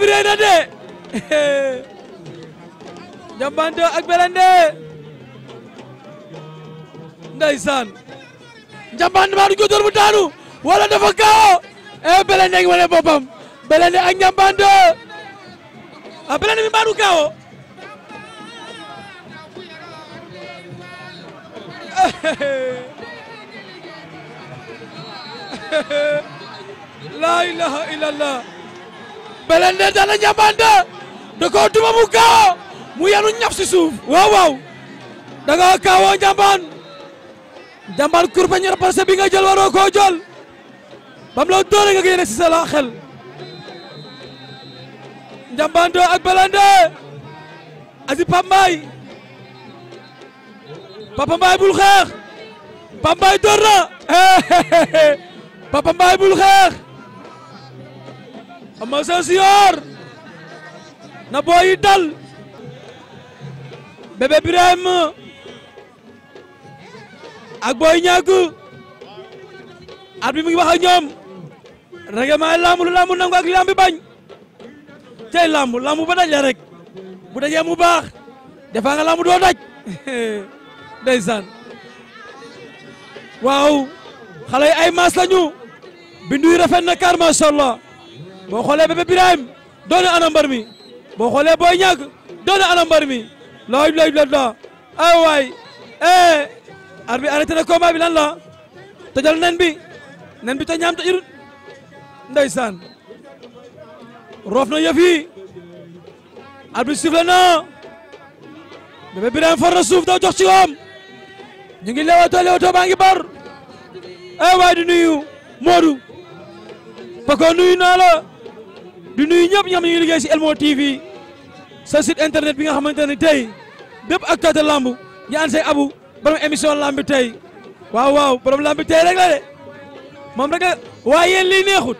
bi rëy na de Ndiambante ak Belende ndeysaan Ndiambante maa du ko dóor mu daanu wala dafa kaaw e eh, Belende ngi wane boppam Belende ak Ndiambante a ah, Belende mi maa du kaaw la ilaha Belende dana ñambante da koo mu kaawoo mu yenu ñaf si suuf waaw waaw da nga kaawoo njambaan njambaan nga jël waroo koo bam la doore nga génne si sa la xel ak Belende asi Pape Mbaye Papa bul xeex Pape Mbaye na Papa bul xeex Eumeu Sène Junior na booyi dal Bébé Birahim ak Boy Niang at bi mu ngi wax ak ñoom règlement lamb lu lamb nangu ak lamb bañ tey lamb lamb ba daj la bu dajee baax defaa nga lamb doo daj ndeysaan waaw xale ay maas lañu bindu yi rafet na kar masha Allah boo xoolee bébé Birahim doon na ana boo xoolee booy ñàkk doon na ana mbar mi looy looy looy loo ay waay eh arbi arrêté na la tëjal nen bi nen bi te ñaam te irut ndeysaan roof na yëf yi arbi na bébé Birahim for na suuf daw jox ci koom ñu ngi leewatoo leewatoo bar ay eh waay nuyu Modou Paco nuyu naa la di nuyu ñëpp ñi nga xam liggéey si Elmo sa site internet bi nga xamante ne tey bépp ak de lamb ñu ànd say abu borom émission lamb tey waaw waaw borom lamb tey rek la de moom waaye yéen lii neexut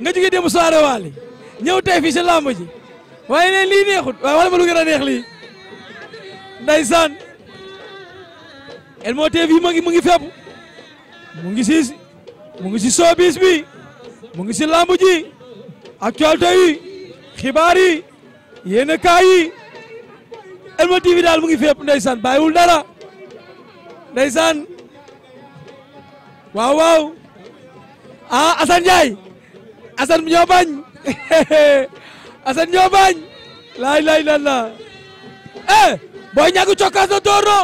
nga jógee démb soirée waali ñëw tey fii si lamb ji waaye neen lii neexut waaye wala ma lu gën a neex lii ndeysaan Elmo TV mu ngi mu ngi fépp mu ngi si mu ngi si showbiz bi mu ngi si lamb ji actualité yi xibaar yi yéen kaay yi Elma TV daal mu ngi fépp ndeysaan bàyyiwul dara ndeysaan waaw waaw ah Assane Ndiaye Assane ñoo bañ Assane ñoo bañ laay laay eh, booy ñàkk cokkaas na door no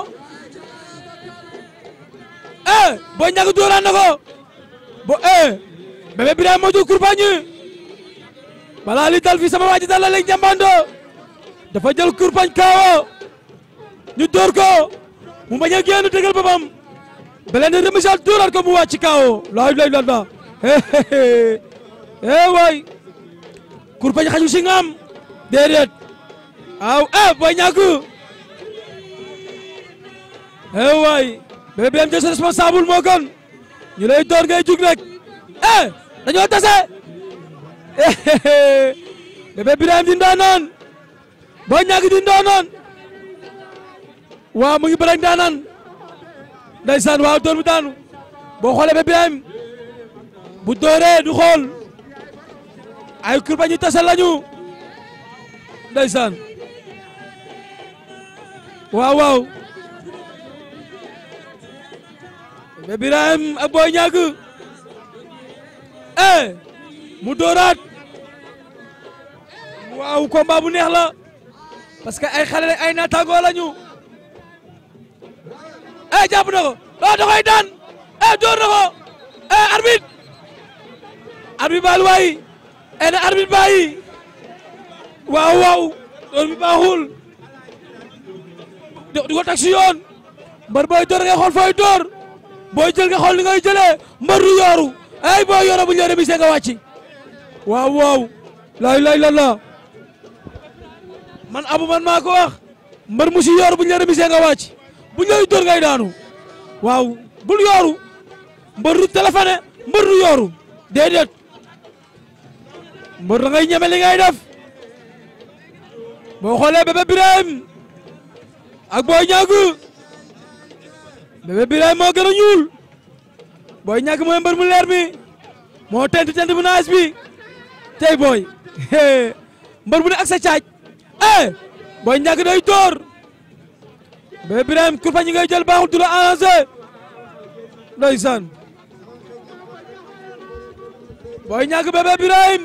eh booy ñàkk dooraan na ko bo eh bébé Birame moo jóg balaa li dal fi sama waa ji dal dafa jël kurpañ kaawo ñu dóor ko mu bañ a génn dëggal boppam beleen di remisal dóoraat ko mu wàcc kaawo laaj laaj laaj ba eh waay kurpañ xaju si aw eh booy ñàkku eh waay bébé bi am jël sa ñu lay door ngay jug rek eh dañoo tase Bébé Birahim di ndaanaan Boy Niang di ndaanaan waaw mu ngi bëre ndaanaan ndeysaan waaw dóor daanu boo xoolee Bébé bu dóoree du ay kurba ñu tase lañu ndeysaan waaw waaw Bébé Birahim ak eh, mu dóoraat waaw combat bu neex la parce que ay xale ay naataangoo la ñu eh jàpp na ko doo oh, da koy eh, door na ko eh arbitre arbitre baal eh, na arbitre bàyyi waaw waaw door baaxul di ko yoon mbër booy door ngay xool fooy door booy jël nga xool li ngay jëlee du yooru ay eh, booy yooru bu ñu la remisee nga waaw waaw lay lay la man abu man maa ko wax mbër mu si yor buñ la remisee nga wàcc bu lay dóor ngay daanu waaw bul yooru mbër du téléphoné mbër du yooru déedéet mbër da ngay ñeme li ngay def boo xoolee bébé Birahim ak booy ñàgg bébé Birahim moo gën a ñuul booy ñàgg mooy mbër mu leer mi moo tent tent bu naas bi tey booy mbër mu ne ak caaj eh Boy Ndiang day door Bébé Birahim kurpa ñi ngay jël baaxul du la arrangé ndeysaan Boy Ndiang Bébé Birahim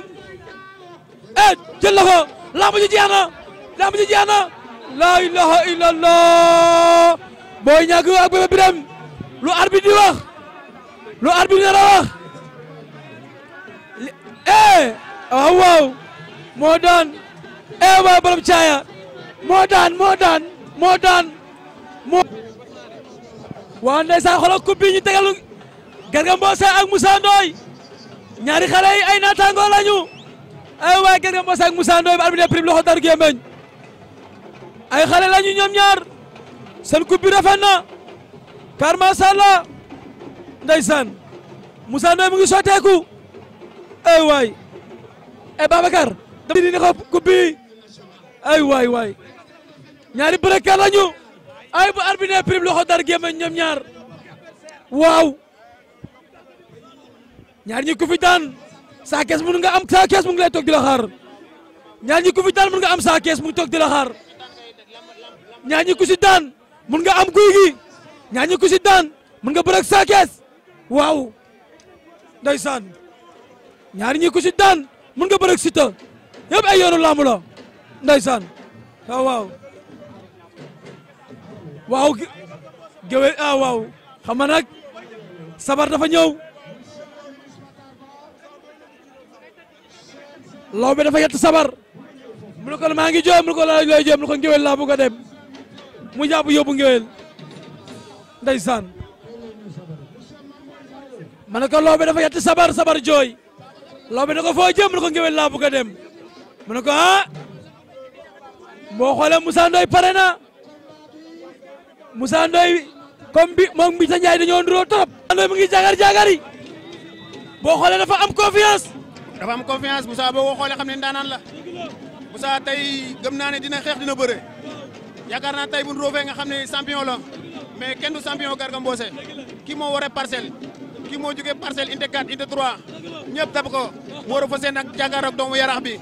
eh jël na ko lamb ji lamb ji laa ilaha illallah Boy Ndiang ak Bébé Birahim lu arbitre di wax lu arbitre nara wax eh waaw moo daan eh waay caaya moo daan moo daan moo daan waa ndeysaan xoolal coupe bi ñu tegal Garga ak Moussa Ndoye ñaari xale yi ay naataangoo lañu ay eh, waay ak Moussa Ndoye ba arbitre prime loxo dar gémmeñ ay xale lañu ñoom ñaar seen coupe bi na car macha allah ndeysaan Moussa Ndoye mu ngi sotteeku eh, ay e eh, Babacar dama ni ko coupe ay waay waay ñaari bërëkkat lañu ay bu arbitre prime loxo dar gémmañ ñoom ñaar waaw ñaar ñi ku fi daan mun nga am saa kees mu ngi lay toog di la xaar ñaar ñi ku fi daan mun nga am saa kees mu di la xaar ñaar ñi ku si mun nga am guy gi ñaar ñi ku si mun nga bërëk saa kees waaw ndeysaan ñaar ñi ku si mun nga bërëk sita yëpp ay yoonu laamu la ndeysaan waaw waaw waaw géwél ah waaw sabar dafa ñëw law bi dafa yett sabar mu ne maa ngi jooy mu ne jooy mu ne laa bëgg a dem mu jàpp yóbbu ngéwél ndeysaan ma ne ko law dafa yett sabar sabar jooy law bi ko foo jëm mu ne laa bëgg dem mu ne ah, boo xoolee Moussa Ndoye pare na Moussa Ndoye comme bi moom Mbita Ndiaye dañoo nduroo trop. Moussa Ndoye mu ngi jagar jagar boo xoolee dafa am confiance. dafa am confiance musa boo xoolee xam ne ndaanaan la Moussa tey gëm naa ne dina xeex dina bëre yaakaar naa tey bu roofee nga xam ne champion la mais kenn du champion Garga Mbossé kii moo waree parcelle kii moo jógee parcelle unité 4 unité 3 ñëpp tab ko mu war a fas yéene ak jàkkaarloog doomu yarax bi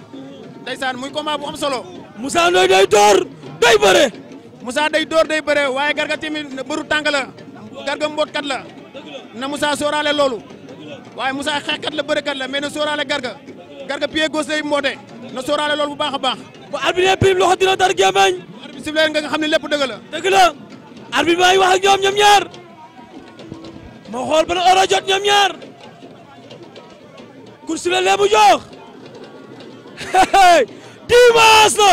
ndeysaan muy combat bu am solo. Moussa Ndoye day door day bëre. Moussa day door day bëre waaye Garga tamit bëru tàng la Garga mbootkat la na Moussa sóoraale loolu waaye Moussa xeexkat la bërekat la mais na sóoraale Garga Garga pied gauche lay mboote na sóoraale loolu bu baax a baax. bu arbitre bi loxo dina dar gémmañ. arbitre nga xam ne lépp dëgg la. dëgg la arbitre bi wax ñaar moo xool ban heure jot ñaar kur sifflé lee mu jox dimanche la.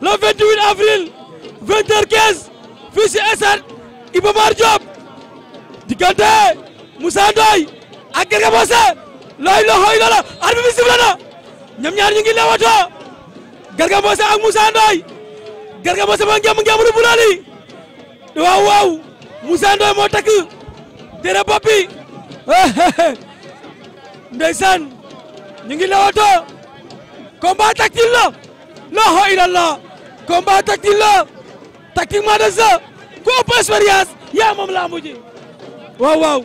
le 28 avril 20h15 fii si stade Iba Mar Diop diggante Moussa Ndoye ak Garga Mbossé looy loxooy loola arbitre bi ñaar ñu ngi leewatoo Garga Mbossé ak Moussa moo ngem ngem bu looli waaw waaw moo takk tere bopp bi ndeysaan ñu ngi leewatoo combat tactile la combat tactique la tactiquement de ça ku ëpp expérience yaa moom làmb ji waaw waaw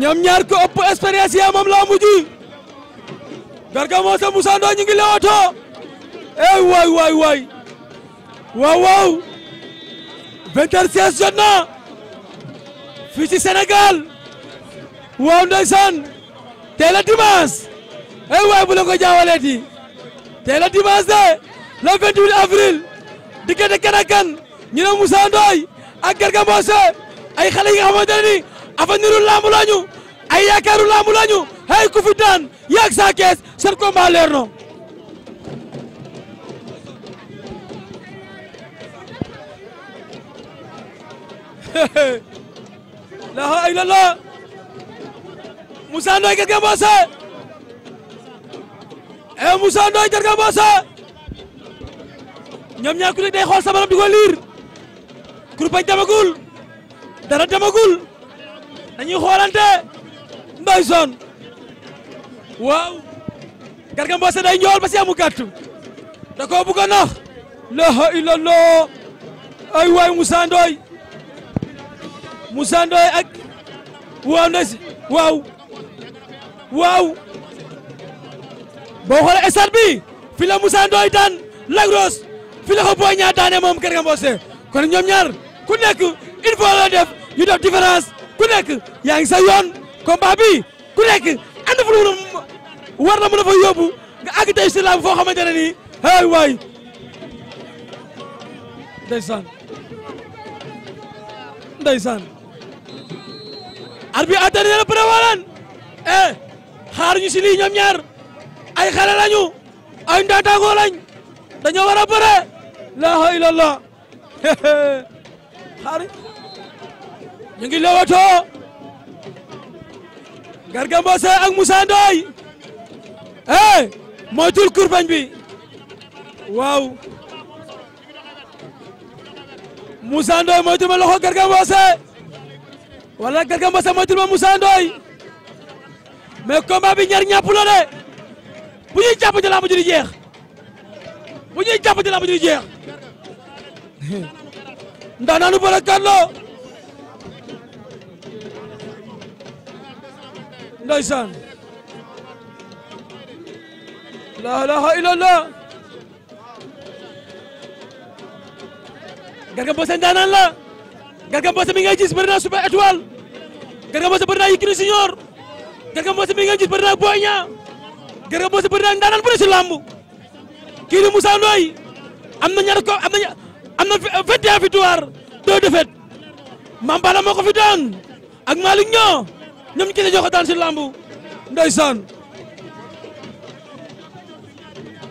ñoom ñaar ku ëpp expérience yaa moom làmb ji Garga Mbossé Moussa Ndoye ñu ngi leewatoo ey eh, waay waay waay waaw waaw vingt jot na fii ci Sénégal waaw ndeysaan tey la dimanche ey eh, waay bu la ko jaawaleeti le 28 avril diggante kan ak kan ñu ne ay xale yi nga xamante ne ni avenir u ay yaakaaru lamb lañu hey ku fi daan yaag sa kees seen leer na laa ay la la Moussa Ndoye Garga Mbossé eh Moussa ñoom ñaar ku day xool sa borom liir kurpañ demagul dara demagul dañuy xoolante mbay son waaw Garga day ñool ba si amu gàtt da koo bëgg a nax laa ay waay Moussa Ndoye ak waaw ndes waaw waaw boo xoolee stade bi fi la Moussa Ndoye daan fi la ko Boy Niang daane moom Garga Mbossé kon ñoom ñaar ku nekk il faut def ñu def différence ku nekk yaa ngi sa yoon combat bi ku nekk ànd fa lu war na a fa yóbbu nga àgg tey si laam foo xamante ne nii ay waay ndeysaan ndeysaan ar bi attane na bëre walaan eh, xaar ñu si lii ñoom ñaar ay xale lañu ay ndaataangoo lañ dañoo war a bëre laaha illallah xaari ñu ngi lewatoo Garga Mbossé ak Moussa Ndoye hey eh, moytul kurbañ bi waaw Moussa Ndoye moytul ma loxo Garga Mbossé wala Garga Mbossé moytul ma Moussa Ndoye mais combat bi ñaar ñàpp la de bu ñuy jàpp bu ñuy jàpp ci làmb ji jeex ndaa naanu bëre kan la ndeysaan la ilaha illallah ndaanaan la Garga mi ngay gis naa Super Étoile Garga Mbossé naa Yékini Senior Garga mi ngay gis naa Boy Niang Garga Mbossé ndaanaan bu ne si kii di Moussa am na ñaar ko am na am na vingt et un victoire deux moo ko fi daan ak Malick ñoo ñoom ñu kii la jox si lambu ndeysaan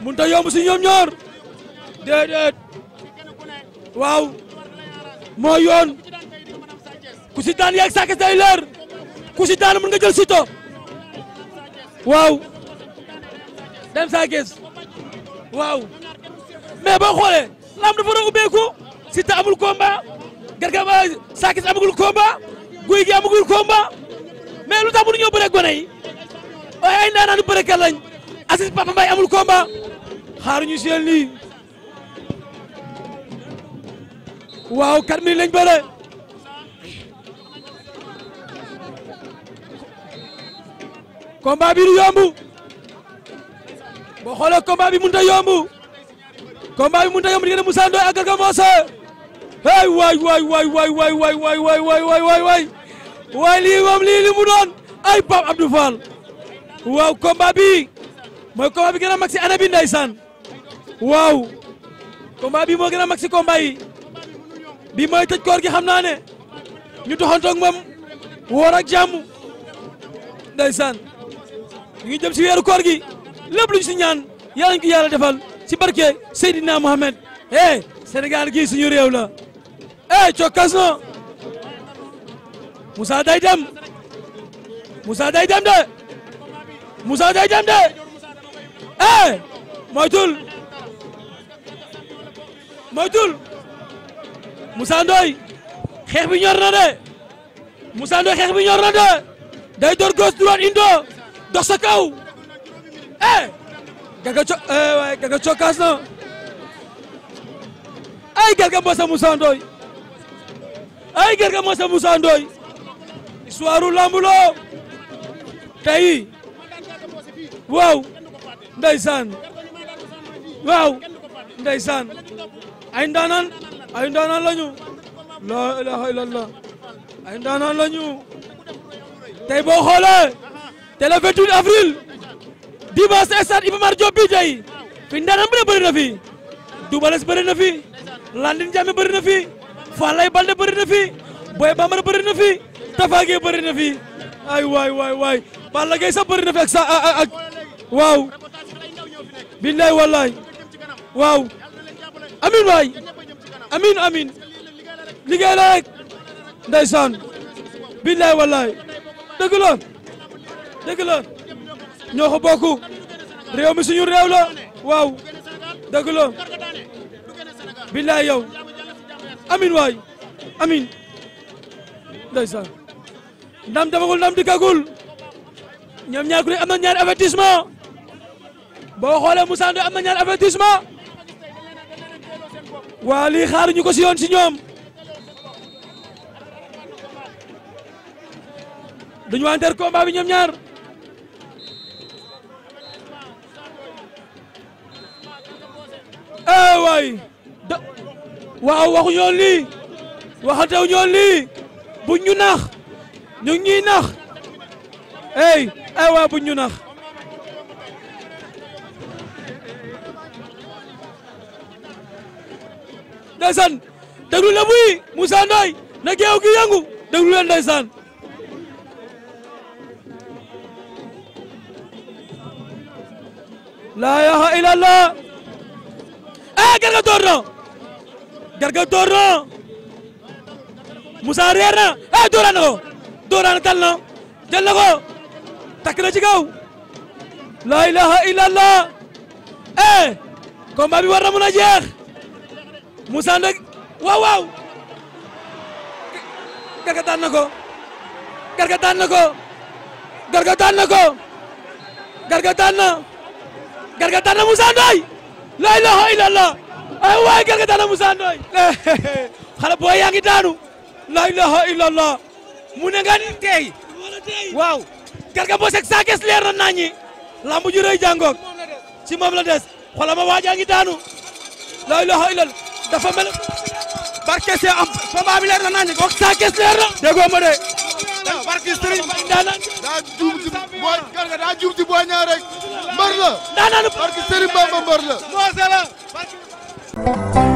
mun ta yomb si ñoom ñoor déedéet waaw moo yoon ku si daan yeeg sàkk say leer ku si daan mën nga jël sito waaw dem saa waaw mais boo xoolee lamb dafa war a ubbeeku Siteu amul combat Garga Sakis amagul combat Gouye Gui amagul combat mais lu tax mënuñoo bëre gone yi waaye ay ndaanaanu bërekat lañ Aziz Papa Mbaye amul combat xaaruñu seel nii waaw 4 minutes bëre combat bi du yomb boo xoolee combat bi mënut a yomb combat bi mënut a hey waay waay waay waay waay waay waay waay waay waay waay waay doon ay Pape Abdou Fall waaw combat bi mooy combat bi gën si année bi ndeysaan waaw combat bi moo gën a mag si combat bi mooy tëj koor gi xam naa ne ñu doxantoog moom woor ak jàmm ñu ngi jëm si weeru koor lépp luñ si ñaan yàlla ñu yàlla defal si barke Seydina Mohamed eh Sénégal gii suñu réew la eh cokkas na Moussa day dem Moussa day dem de Moussa day eh, moytul moytul Moussa Ndoye xeex bi ñor de Moussa Ndoye xeex bi de day door gauche droite indo dox eh gaga co eh waaye gaga cokkaas na ay garga mbasa Moussa Ndoye ay garga mbasa Moussa Ndoye tey waaw ndeysaan waaw ndeysaan ay ay ndaanaan lañu la ilaha illallah ay ndaanaan lañu tey boo xoolee tey le 28 dimanche stade Iba Mar Diop bii tey fi ndaanam bëri na fi Doubales bëri na fi Landin Diame bëri na fi Fallay Balde bëri na fi Boy Bambara bëri na fi Tafa Gueye na fi ay waay waay waay Balla Gaye sax bëri na fi ak sa ak waaw billaay wallaay waaw amin waay amin amin liggéey la rek ndeysaan billaay wallaay dëgg la la ñoo ko bokk réew mi suñu réew la waaw dëgg la billaay yow amin waay amin ndeysaan ndam demagul ndam dikkagul ñoom ñaar ku ne am na ñaari avertissement boo xoolee Moussa Ndoye am na ñaari avertissement waa lii xaaruñu ko si yoon si ñoom duñu wanteer combat bi ñoom ñaar eh waay da waaw waxuñoo lii waxatewuñoo lii buñ ñu nax ñu ngi ey ay eh, waay buñ ñu nax ndeysaan déglu la muy Moussa Ndoye na ah Garga door na Garga door na Moussa réer na ah eh, dooraan na ko dooraan dal na jël na ko takk na ci kaw la ilaha illallah eh combat bi war na mën a jeex Moussa nag waaw waaw Garga daan na ko Garga daan na ko Garga daan na Garga daan na Garga daan na Moussa Ndoye la ay waay Garga daan na Moussa Ndoye xale booy yaa ngi daanu la ilaha mu ne nga ni tey waaw Garga Mbossé ak Sa Thiès leer na naññi lamb ju rëy jàngoor ci moom la des xoolal ma waaj a ngi daanu la ilaha illallah dafa mel barke am combat na naññi ko Sa leer na déggoo ma de barke Serigne Faye ndaanaan daa juum ci booy Thank you.